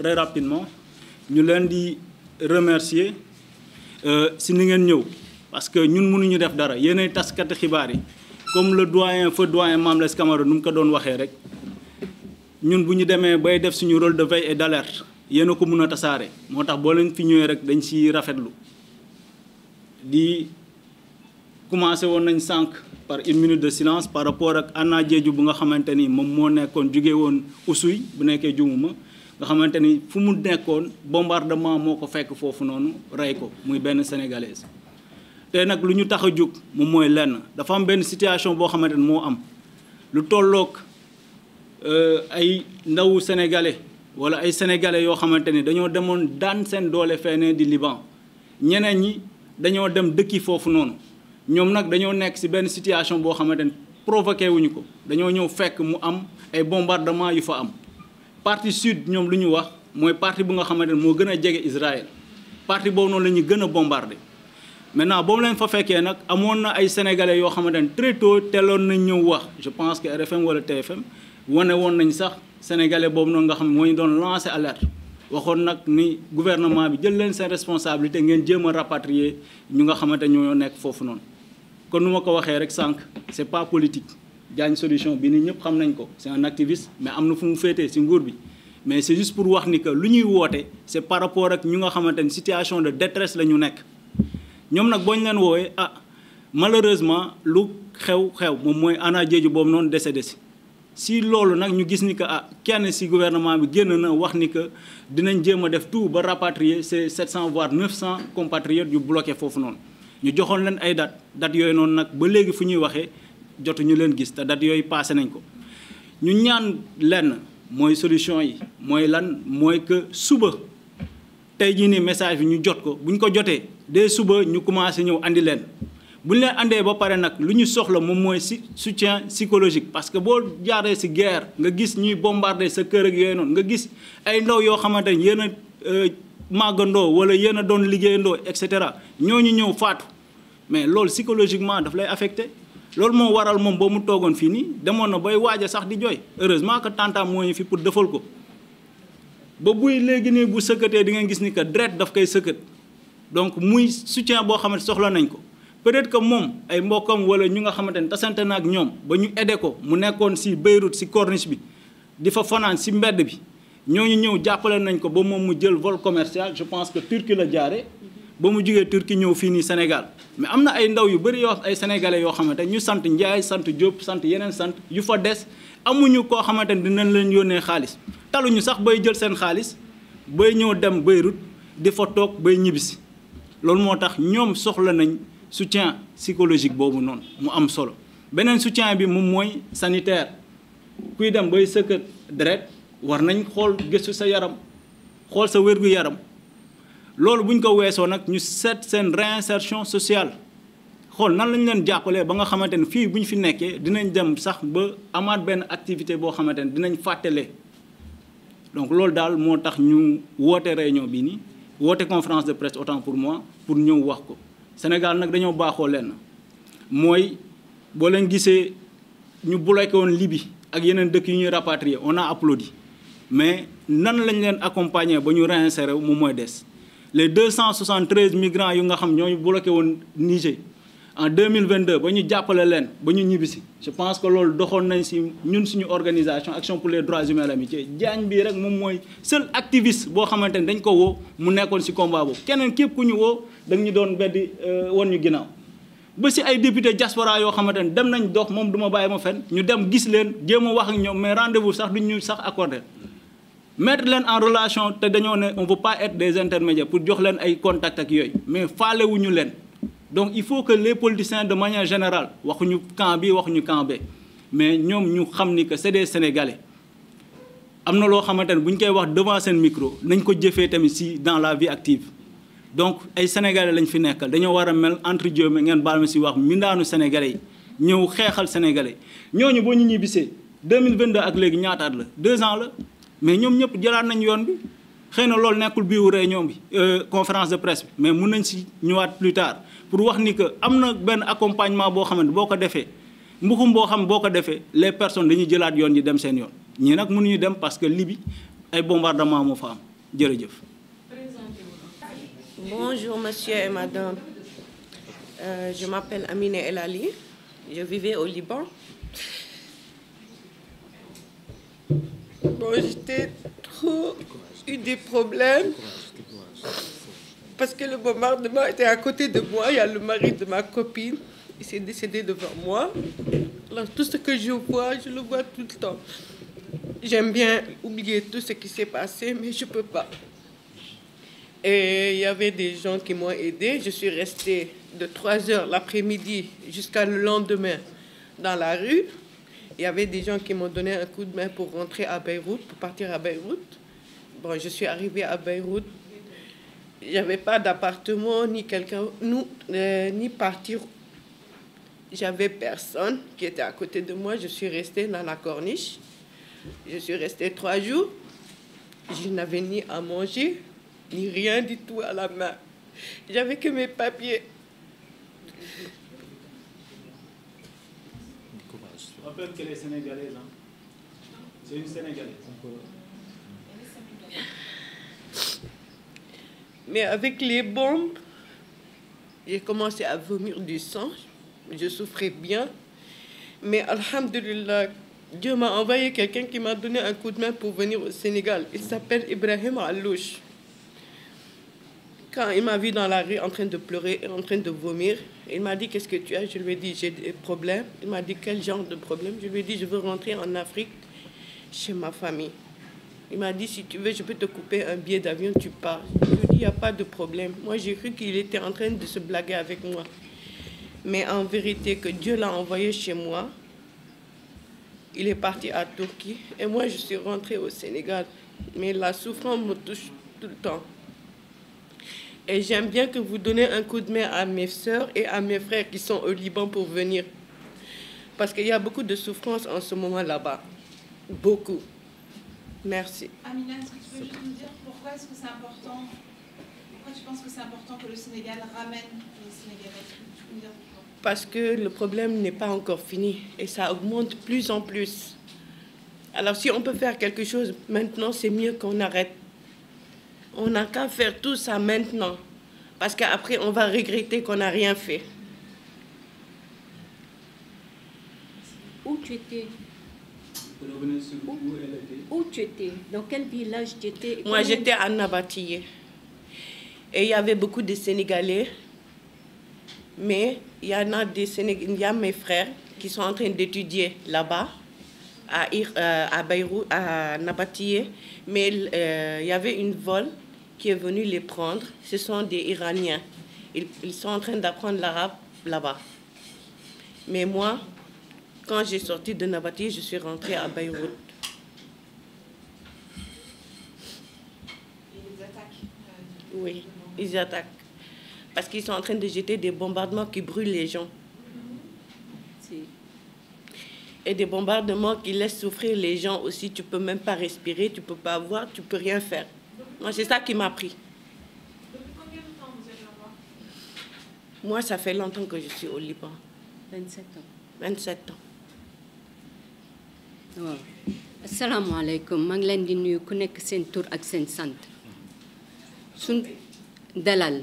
très rapidement ñu leen di remercier euh, si ni ngeen ñëw parce que ñun mënuñu def dara yéenay taskati xibaar yi comme le doyen feu doyen Mame Less Camara nu mu ko doon waxee rek ñun bu ñu demee bay def suñu rôle de veille et d'alerte yéen a ko mun a tasaare moo tax boo leen fi ñëwee rek dañ siy rafetlu di commencé woon nañ sànq par une de silence par rapport ak Anna jeeju bu nga xamante ni moom moo nekkoon jugee woon usuy bu nekkee jumuma nga xamante ni fu mu nekkoon bombardement moo ko fekk foofu noonu rey ko muy benn sénégalaise. te nag lu ñu tax a jóg moom mooy lenn dafa am benn situation boo xamante ni moo am lu tolloog euh, ay ndawu sénégalais wala ay sénégalais yoo xamante ni dañoo demoon daan seen doole feneen di Liban ñeneen ñi dañoo dem dëkki foofu noonu ñoom nag dañoo nekk ci benn situation boo xamante ni provoqué wuñu ko dañoo ñëw fekk mu am ay bombardement yu fa am parti sud ñoom lu ñu wax mooy parti bu nga xamante ne moo gën a jege Israël parti boobu noonu la ñu gën a bombardé maintenant boobu leen fa fekkee nag amoon na ay sénégalais yoo xamante ne très tôt teeloon nañ ñëw wax je pense que RFM wala TFM wane woon nañ sax sénégalais boobu noonu nga xam moo ñu doon lancé alerte waxoon nag ni gouvernement bi jël leen seen responsabilité ngeen jéem a rapatrier ñu nga xamante ñoo nekk foofu noonu kon nu ma ko waxee rek sànq c'est pas politique Diagne solution bi nii ñëpp xam nañ ko c'est un mais am na fu mu féete ci nguur bi mais c'est juste pour wax ni que lu ñuy woote c'est par rapport ak ñu nga xamante ni situation de détresse la ñu nekk ñoom nag boo ñu leen woowee ah malheureusement lu xew xew moom mooy Anna Diédhiou boobu noonu décédé si si loolu nag ñu gis ni que ah kenn si gouvernement bi génn na wax ni que dinañ jéem a def tout ba rapatrier ces 700 voire cent compatriotes yu bloqué foofu noonu ñu joxoon leen ay date date yooyu noonu nag ba léegi fu ñuy waxee jotu ñu leen gis te date yooyu passé nañ ko ñu ñaan lenn mooy solution yi mooy lan mooy que suba tey jii nii message bi ñu jot ko bu ñu ko jotee dès suba ñu commencé ñëw indi leen bu ñu leen andee ba pare nag lu ñu soxla moom mooy si sutien psychologique parce que boo jaaree si guerre nga gis ñuy bombardé sa kër ak yooyu noonu nga gis ay ndaw yoo xamante ne yéen a euh, màggandoo wala yéen a liggéeyandoo et cetera ñooñu ñëw faatu mais loolu psychologiquement daf lay affecté loolu moo waral moom boo mu toogoon fii nii demoon na bay waaja sax di jooy heureusement que tantam moo ñu fi pour defal ko ba buy léegi nii bu sëkkatee di nga gis ni que dret daf koy sëkkat donc muy soutien boo xamante soxla nañ ko peut-être que moom ay mbokkam wala ñu nga xamante ne tasante na ak ñoom ba ñu aidé ko mu nekkoon si Beyrouth si corniche bi di fa fanaan si mbedd bi ñoo ñu ñëw jàppale nañ ko ba moom mu jël vol commercial je pense que Turquie la jaare ba mu jugee turki ñëw fii nii Sénégal mais am na ay ndaw yu bëri yoo ay sénégalais yoo xamante ñu sant Ndiaye sant Diop sant yeneen sant yu fa des amuñu koo xamante ne dinañ leen yónnee xaalis taluñu sax bay jël seen xaalis bay ñëw dem Beyrouth di fa toog bay ñibbisi loolu moo tax ñoom soxla nañ soutien psychologique boobu noonu mu am solo beneen soutien bi moom mooy sanitaire kuy dem bay sëkkat deret war nañ xool gëstu sa yaram xool sa wér-gu-yaram loolu bu ñu ko weesoo nag ñu seet seen réinsertion sociale xool nan lañu leen jàppalee ba nga xamante ne fii bu ñu fi nekkee dinañ dem sax ba amaat benn activité boo xamante ne dinañ fàttale donc loolu daal moo tax ñu woote réunion bii nii woote conférence de presse autant pour moi pour ñëw wax ko Sénégal nag dañoo baaxoo lenn mooy boo leen gisee ñu bloqué woon Libye ak yeneen dëkk yu ñuy rapatrier on a applaudi mais nan lañ leen accompagner ba ñu réinsérer moom mooy des les deux cent soixante treize migrants yu nga xam ñooñu bloqué woon Niger en deux mille vingt deux ba ñu jàppale leen ba ñu ñibbisi je pense que loolu doxoon nañ si ñun suñu organisation action pour les droits humains l'amitié Diagne bii rek moom mooy seul activiste boo xamante ni dañ ko woo mu nekkoon si combat boobu keneen képp ku ñu woo danga ñu doon beddi euh, woon ñu ginnaaw. ba si ay député diaspora yoo xamante ne dem nañ dox moom duma bàyyi ma fen ñu dem gis leen jéem a wax ak ñoom mais rendez-vous sax duñ ñu sax accordé mettre leen en relation te dañoo ne on veut pas être des intermédiaires pour joxleen ay contact ak yooyu mais faalewuñu leen donc il faut que les politiciens de manière général waxuñu camp bi waxuñu camp be mais ñoom ñu xam ni que c'est des sénégalais am na loo xamante ne bu koy wax devant seen micro nañ ko jëfee tamit si dans la vie active donc ay sénégalais lañ fi nekkal dañoo war a mel entre guillemets ngeen baal ma si wax mindaanu sénégalais yi ñëw xeexal sénégalais ñooñu boo ñu ñibbisee 2022 ak léegi ñaataat la deux ans la. mais ñoom ñëpp jëlaat nañu yoon bi xëy na loolu nekkul biiru réunion bi euh, conférence de presse bi mais mun nañ si ñëwaat plus tard pour wax ni que am na benn accompagnement boo xamante boo ko defee mbuxum boo xam boo ko defee les personnes dañuy jëlaat yoon yi dem seen yoon ñii nag mënuñu dem parce que Libye ay bombardement moo fa am jërëjëf. Bonjour monsieur et euh, Amine El Ali. Je vivais au Bon, j'étais trop eu des problèmes parce que le bombardement était à côté de moi. Il y a le mari de ma copine, il s'est décédé devant moi. Alors, tout ce que je vois, je le vois tout le temps. J'aime bien oublier tout ce qui s'est passé, mais je ne peux pas. Et il y avait des gens qui m'ont aidé. Je suis restée de 3 heures l'après-midi jusqu'à le lendemain dans la rue. Il y avait des gens qui m'ont donné un coup de main pour rentrer à Beyrouth, pour partir à Beyrouth. Bon, je suis arrivée à Beyrouth. Il n'y avait pas d'appartement, ni quelqu'un, euh, ni partir. J'avais personne qui était à côté de moi. Je suis restée dans la corniche. Je suis restée trois jours. Je n'avais ni à manger, ni rien du tout à la main. J'avais que mes papiers. Je rappelle qu'elle avec les commencé à vomir du souffrais bien. Mais Alhamdulillah, Dieu m'a envoyé quelqu'un qui m'a donné un coup de main pour venir au Sénégal. Il s'appelle Ibrahim Alouche. Quand il m'a vu dans la rue en train de pleurer, en train de vomir, il m'a dit qu'est-ce que tu as Je lui ai dit j'ai des problèmes. Il m'a dit quel genre de problème Je lui ai dit je veux rentrer en Afrique chez ma famille. Il m'a dit si tu veux, je peux te couper un billet d'avion, tu pars. Je lui ai dit il n'y a pas de problème. Moi, j'ai cru qu'il était en train de se blaguer avec moi. Mais en vérité, que Dieu l'a envoyé chez moi, il est parti à Turquie et moi, je suis rentrée au Sénégal. Mais la souffrance me touche tout le temps. Et j'aime bien que vous donnez un coup de main à mes sœurs et à mes frères qui sont au Liban pour venir. Parce qu'il y a beaucoup de souffrance en ce moment là-bas. Beaucoup. que Parce que le problème n'est pas encore fini et ça augmente plus en plus. si on peut faire quelque chose maintenant, c'est mieux qu'on arrête On n'a qu'à faire tout ça maintenant, parce qu'après, on va regretter qu'on n'a rien fait. Où tu étais Dans quel village tu étais j'étais à Nabatillé. Et il y avait beaucoup de Sénégalais. Mais il y a mes frères qui sont en train d'étudier là à, euh, à Beyrouth, à Nabatieh, mais euh, il euh, y avait une vol qui est venue les prendre. Ce sont des Iraniens. Ils, ils sont en train d'apprendre l'arabe là-bas. Mais moi, quand j'ai sorti de Nabatieh, je suis rentrée à Beyrouth. Euh, oui, ils attaquent. Parce qu'ils sont en train de jeter des bombardements qui brûlent les gens. et des bombardements qui laissent souffrir les gens aussi. Tu peux même pas respirer, tu peux pas voir, tu peux rien faire. c'est ça qui m'a pris. Moi, ça fait longtemps que je suis au Liban. 27 ans. ans. waaw asalaamaaleykum maa ngi leen di nuyu ku nekk seen tur ak seen sant suñ dalal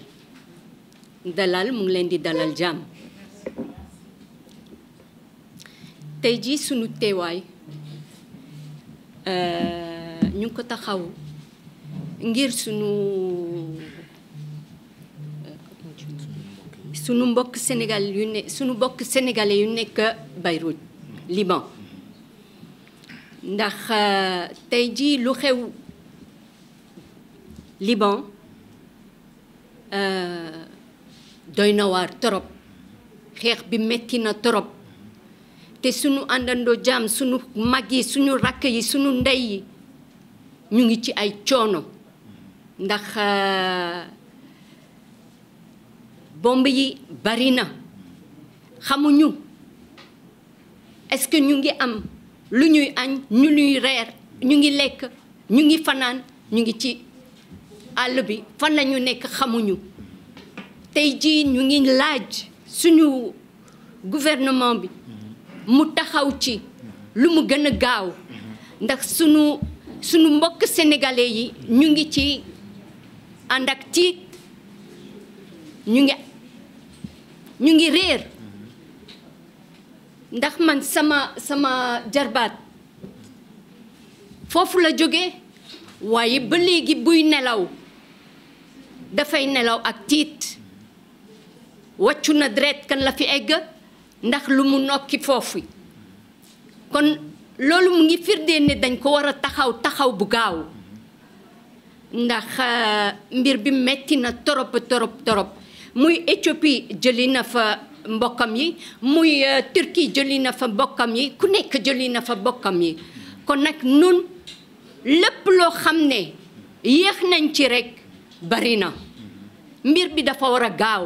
dalal mu ngi leen di dalal jàmm. tey jii sunu teewaay euh, ñu ngi ko taxaw ngir sunu sunu mbokk Sénégal yu nekk Beyrouth Liban ndax euh, tey jii lu xew Liban euh, doy na waar torop xeex bi metti na torop te suñu àndandoo jaam suñu mag yi suñu rakk yi suñu ndey yi ñu ngi ci ay coono ndax euh, bomb yi bari na xamuñu est-ce que ñu ngi am lu ñuy añ ñu ñuy reer ñu ngi lekk ñu ngi fanaan ñu ngi ci àll bi fan lañu nekk xamuñu tey jii ñu ngi laaj suñu gouvernement bi mu taxaw ci lu mu gën a gaaw ndax sunu sunu mbokk sénégalais yi ñu ngi ci ànd ak tiit ñu ngi ñu ngi réer ndax man sama sama jarbaat foofu la jóge waaye ba léegi buy nelaw dafay nelaw ak tiit wàccu na deret kan la fi egg ndax lu mu nokki foofu kon loolu mu ngi firndee ne dañ ko war a taxaw taxaw bu gaaw ndax euh, mbir bi metti na torop torop torop muy Éthiopie jëli na fa mbokkam yi muy euh, Turquie jëli na fa mbokkam yi ku nekk jëli na fa mbokkam yi kon nag nun lépp loo xam ne yéex nañ ci rekk bari na mbir bi dafa war a gaaw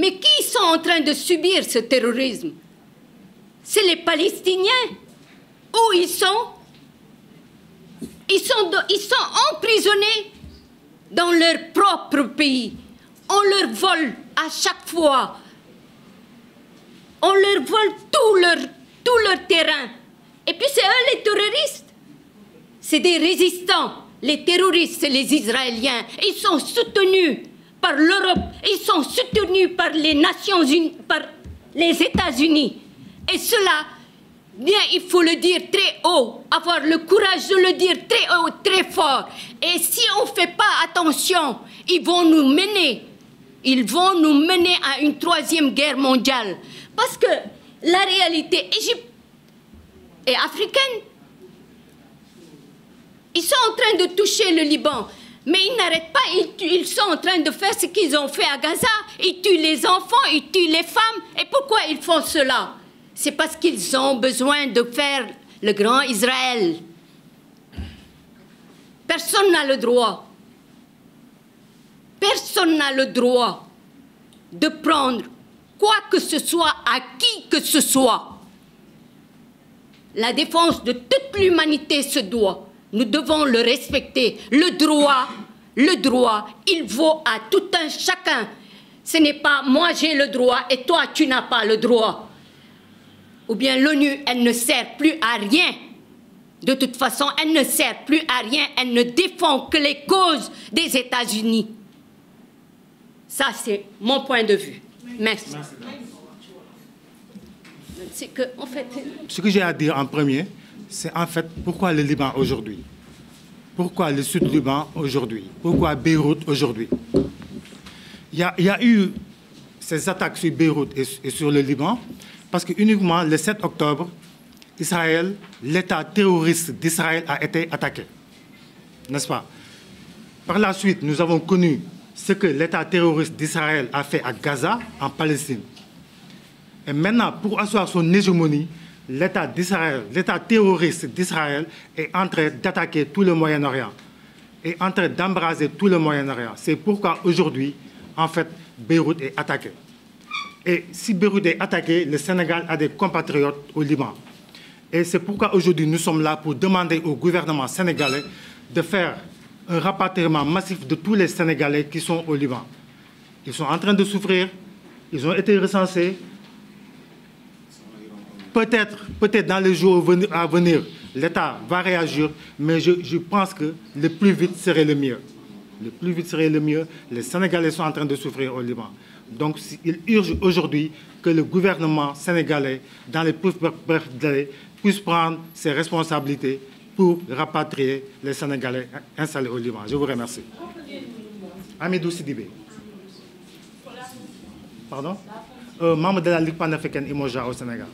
Mais qui sont en train de subir ce terrorisme C'est les Palestiniens. Où ils sont ils sont, ils sont emprisonnés dans leur propre pays. On leur vole à chaque fois. On leur vole tout leur, tout leur terrain. Et puis c'est eux les terroristes. C'est des résistants. Les terroristes, c'est les Israéliens. Ils sont soutenus par l'Europe, ils sont soutenus par les Nations Unies, par les États-Unis. Et cela, bien, il faut le dire très haut, avoir le courage de le dire très haut, très fort. Et si on ne fait pas attention, ils vont nous mener, ils vont nous mener à une troisième guerre mondiale. Parce que la réalité égypte et africaine, ils sont en train de toucher le Liban. Mais ils n'arrêtent pas, ils, ils, sont en train de faire ce qu'ils ont fait à Gaza. Ils tuent les enfants, ils tuent les femmes. Et pourquoi ils font cela C'est parce qu'ils ont besoin de faire le grand Israël. Personne n'a le droit. Personne n'a le droit de prendre quoi que ce soit à qui que ce soit. La défense de toute l'humanité se doit Nous devons le respecter. Le droit, le droit, il vaut à tout un chacun. Ce n'est pas moi j'ai le droit et toi tu n'as pas le droit. Ou bien l'ONU, elle ne sert plus à rien. De toute façon, elle ne sert plus à rien. Elle ne défend que les causes des États-Unis. Ça, c'est mon point de vue. Merci. Merci. C'est que, en fait... Ce que j'ai à dire en premier, c'est en fait pourquoi le Liban aujourd'hui Pourquoi le Sud-Liban aujourd'hui Pourquoi Beyrouth aujourd'hui il y, a, eu ces attaques sur Beyrouth et, sur le Liban parce que uniquement le 7 octobre, Israël, l'État terroriste d'Israël a été attaqué. N'est-ce pas Par la suite, nous avons connu ce que l'État terroriste d'Israël a fait à Gaza, en Palestine. Et maintenant, pour asseoir son hégémonie, l'État d'Israël, l'État terroriste d'Israël est en train d'attaquer tout le Moyen-Orient, est en train d'embraser tout le Moyen-Orient. C'est pourquoi aujourd'hui, en fait, Beyrouth est attaquée. Et si Beyrouth est attaquée, le Sénégal a des compatriotes au Liban. Et c'est pourquoi aujourd'hui nous sommes là pour demander au gouvernement sénégalais de faire un rapatriement massif de tous les Sénégalais qui sont au Liban. sont en train de souffrir, ils ont été recensés, Peut-être, peut-être dans les jours à venir, l'État va réagir, mais je, je, pense que le plus vite serait le mieux. Le plus vite le mieux. Les Sénégalais sont en train de souffrir au Liban. Donc il urge aujourd'hui que le gouvernement sénégalais, dans les plus brefs délais, puisse prendre ses responsabilités pour rapatrier les Sénégalais installés au Liban. Je vous remercie. Amidou Sidibé. Pardon euh, Membre de la Ligue au Sénégal.